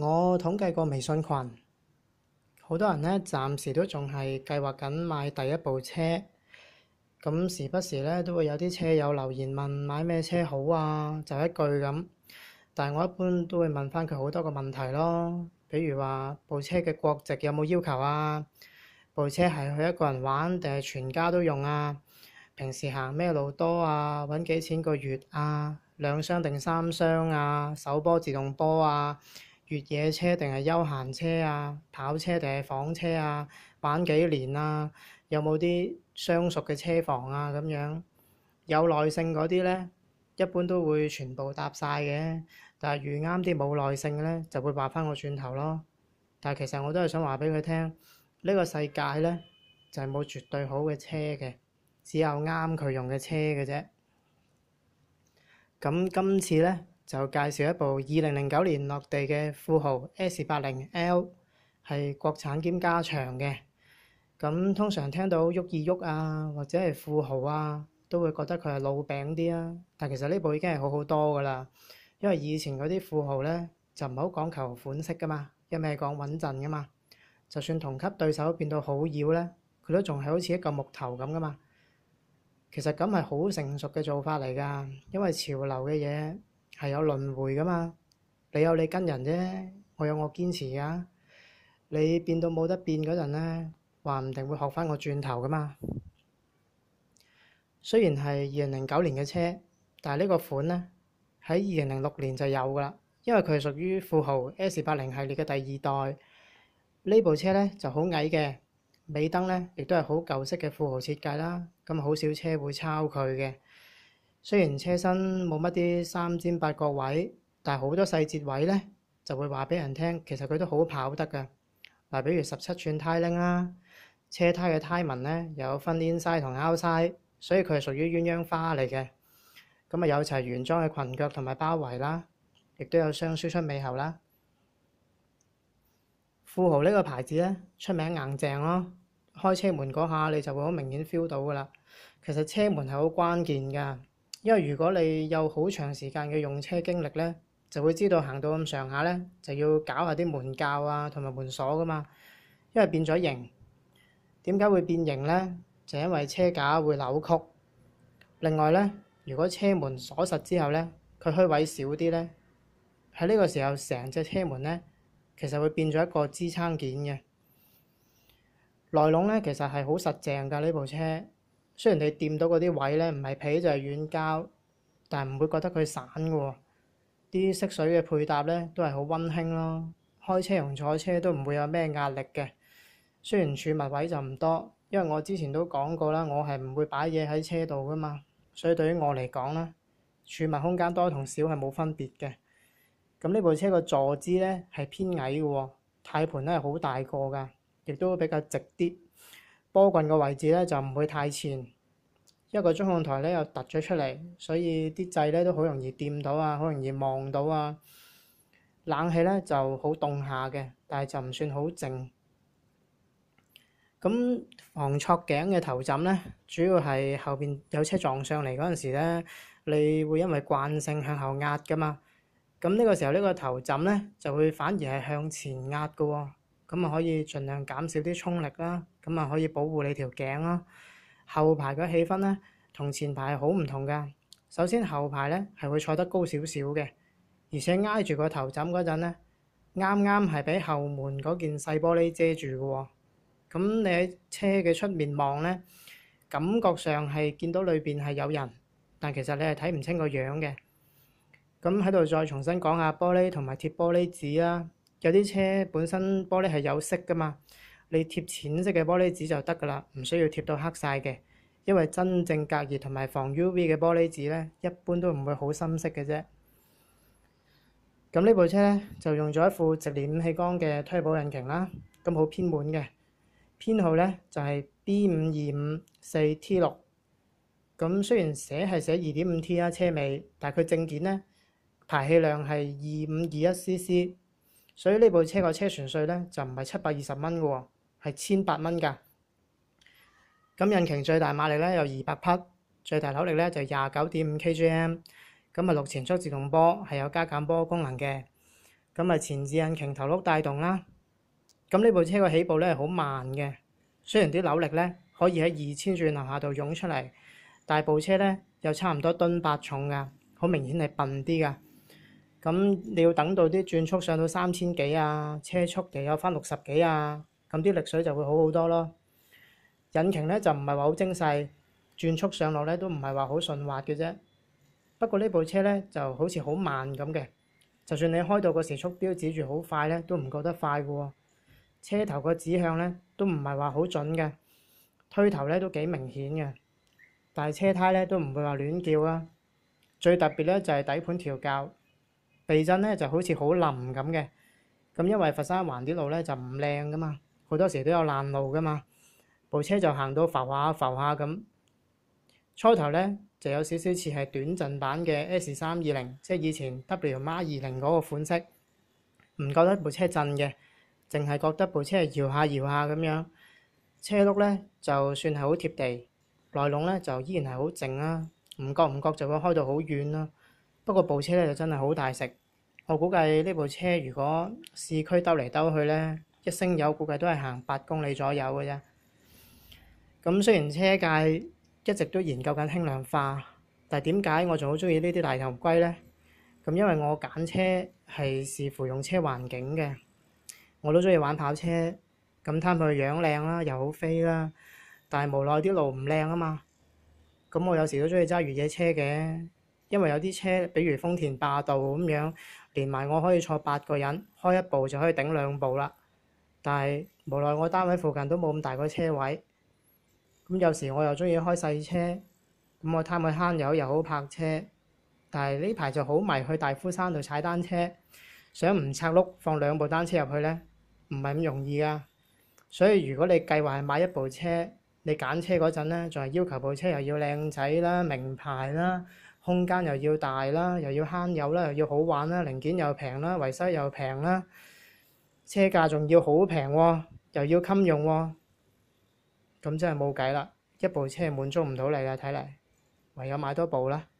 我統計過微信群，好多人呢暫時都仲係計劃緊買第一部車。咁時不時呢都會有啲車友留言問買咩車好啊，就一句咁。但係我一般都會問翻佢好多個問題咯，比如話部車嘅國籍有冇要求啊？部車係佢一個人玩定係全家都用啊？平時行咩路多啊？揾幾錢個月啊？兩箱定三箱啊？手波自動波啊？越野車定係休閒車啊，跑車定係房車啊，玩幾年啊，有冇啲相熟嘅車房啊咁樣？有耐性嗰啲咧，一般都會全部搭晒嘅。但係遇啱啲冇耐性嘅咧，就會話返個轉頭咯。但係其實我都係想話俾佢聽，呢、這個世界咧就係、是、冇絕對好嘅車嘅，只有啱佢用嘅車嘅啫。咁今次咧～就介紹一部二零零九年落地嘅富豪 S 八零 L，係國產兼加長嘅。咁通常聽到喐二喐啊，或者係富豪啊，都會覺得佢係老餅啲啊。但其實呢部已經係好好多噶啦，因為以前嗰啲富豪咧就唔好講求款式噶嘛，一味講穩陣噶嘛。就算同級對手變到好妖咧，佢都仲係好似一個木頭咁噶嘛。其實咁係好成熟嘅做法嚟噶，因為潮流嘅嘢。係有輪迴噶嘛？你有你跟人啫，我有我堅持噶啊。你變到冇得變嗰陣呢，話唔定會學翻我轉頭噶嘛。雖然係二零零九年嘅車，但係呢個款呢，喺二零零六年就有噶啦。因為佢係屬於富豪 S 八零系列嘅第二代。呢部車呢就好矮嘅，尾燈呢亦都係好舊式嘅富豪設計啦。咁好少車會抄佢嘅。雖然車身冇乜啲三尖八角位，但係好多細節位呢就會話俾人聽，其實佢都好跑得嘅。例如十七寸胎鈴啦，車胎嘅胎紋呢有分啲 inside 同 outside，所以佢係屬於鴛鴦花嚟嘅。咁啊，有齊原裝嘅裙腳同埋包圍啦，亦都有雙輸出尾喉啦。富豪呢個牌子呢，出名硬淨咯，開車門嗰下你就會好明顯 feel 到㗎啦。其實車門係好關鍵㗎。因為如果你有好長時間嘅用車經歷咧，就會知道行到咁上下咧，就要搞下啲門鉸啊，同埋門鎖㗎嘛。因為變咗形，點解會變形咧？就因為車架會扭曲。另外咧，如果車門鎖實之後咧，佢虛位少啲咧，喺呢個時候成隻車門咧，其實會變咗一個支撐件嘅。內籠咧，其實係好實淨㗎呢部車。雖然你掂到嗰啲位咧，唔係皮，就係軟膠，但係唔會覺得佢散嘅喎。啲色水嘅配搭咧，都係好溫馨咯。開車同坐車都唔會有咩壓力嘅。雖然儲物位就唔多，因為我之前都講過啦，我係唔會擺嘢喺車度噶嘛。所以對於我嚟講咧，儲物空間多同少係冇分別嘅。咁呢部車個坐姿咧係偏矮嘅喎，軚盤都係好大個㗎，亦都比較直啲。波棍嘅位置咧就唔會太前，一個中控台咧又凸咗出嚟，所以啲掣咧都好容易掂到啊，好容易望到啊。冷氣咧就好凍下嘅，但係就唔算好靜。咁防挫頸嘅頭枕咧，主要係後邊有車撞上嚟嗰陣時咧，你會因為慣性向後壓噶嘛。咁呢個時候呢個頭枕咧就會反而係向前壓㗎喎。咁啊，可以盡量減少啲衝力啦。咁啊，可以保護你條頸啦。後排嘅氣氛呢，同前排好唔同㗎。首先後排呢係會坐得高少少嘅，而且挨住個頭枕嗰陣呢，啱啱係俾後門嗰件細玻璃遮住嘅喎。咁你喺車嘅出面望呢，感覺上係見到裏邊係有人，但其實你係睇唔清個樣嘅。咁喺度再重新講下玻璃同埋貼玻璃紙啦。有啲車本身玻璃係有色噶嘛，你貼淺色嘅玻璃紙就得㗎啦，唔需要貼到黑晒嘅。因為真正隔熱同埋防 U V 嘅玻璃紙咧，一般都唔會好深色嘅啫。咁呢部車咧就用咗一副直列五氣缸嘅推普引擎啦，咁好偏門嘅編號咧就係、是、B 五二五四 T 六。咁雖然寫係寫二點五 T 啊，車尾，但係佢證件咧排氣量係二五二一 c c。所以呢部車個車船稅咧就唔係七百二十蚊嘅喎，係千八蚊噶。咁引擎最大馬力咧有二百匹，最大扭力咧就廿九點五 kgm。咁啊六前速自動波係有加減波功能嘅。咁啊前置引擎頭轆帶動啦。咁呢部車個起步咧係好慢嘅，雖然啲扭力咧可以喺二千轉以下度湧出嚟，但係部車咧又差唔多噸八重嘅，好明顯係笨啲嘅。咁你要等到啲轉速上到三千幾啊，車速又有翻六十幾啊，咁啲力水就會好好多咯。引擎咧就唔係話好精細，轉速上落咧都唔係話好順滑嘅啫。不過呢部車咧就好似好慢咁嘅，就算你開到個時速錶指住好快咧，都唔覺得快嘅喎。車頭個指向咧都唔係話好準嘅，推頭咧都幾明顯嘅，但係車胎咧都唔會話亂叫啊。最特別咧就係底盤調校。避震咧就好似好腍咁嘅，咁因為佛山環啲路咧就唔靚噶嘛，好多時都有爛路噶嘛，部車就行到浮下浮下咁。初頭咧就有少少似係短陣版嘅 S 三二零，即係以前 W 孖二零嗰個款式，唔覺得部車震嘅，淨係覺得部車搖下搖下咁樣。車轆咧就算係好貼地，內籠咧就依然係好靜啊，唔覺唔覺就會開到好遠啦。不過部車咧就真係好大食，我估計呢部車如果市區兜嚟兜去咧，一升油估計都係行八公里左右嘅啫。咁雖然車界一直都研究緊輕量化，但係點解我仲好中意呢啲大頭龜咧？咁因為我揀車係視乎用車環境嘅，我都中意玩跑車。咁貪佢樣靚啦、啊，又好飛啦、啊，但係無奈啲路唔靚啊嘛。咁我有時都中意揸越野車嘅。因為有啲車，比如豐田霸道咁樣，連埋我可以坐八個人，開一部就可以頂兩部啦。但係無奈我單位附近都冇咁大個車位，咁有時我又中意開細車，咁我貪佢慳油又好泊車。但係呢排就好迷去大夫山度踩單車，想唔拆轆放兩部單車入去呢，唔係咁容易啊。所以如果你計劃係買一部車，你揀車嗰陣呢，仲係要求部車又要靚仔啦、名牌啦，空間又要大啦，又要慳油啦，又要好玩啦，零件又平啦，維修又平啦，車價仲要好平喎，又要襟用喎，咁真係冇計啦！一部車滿足唔到你喇，睇嚟唯有買多部啦～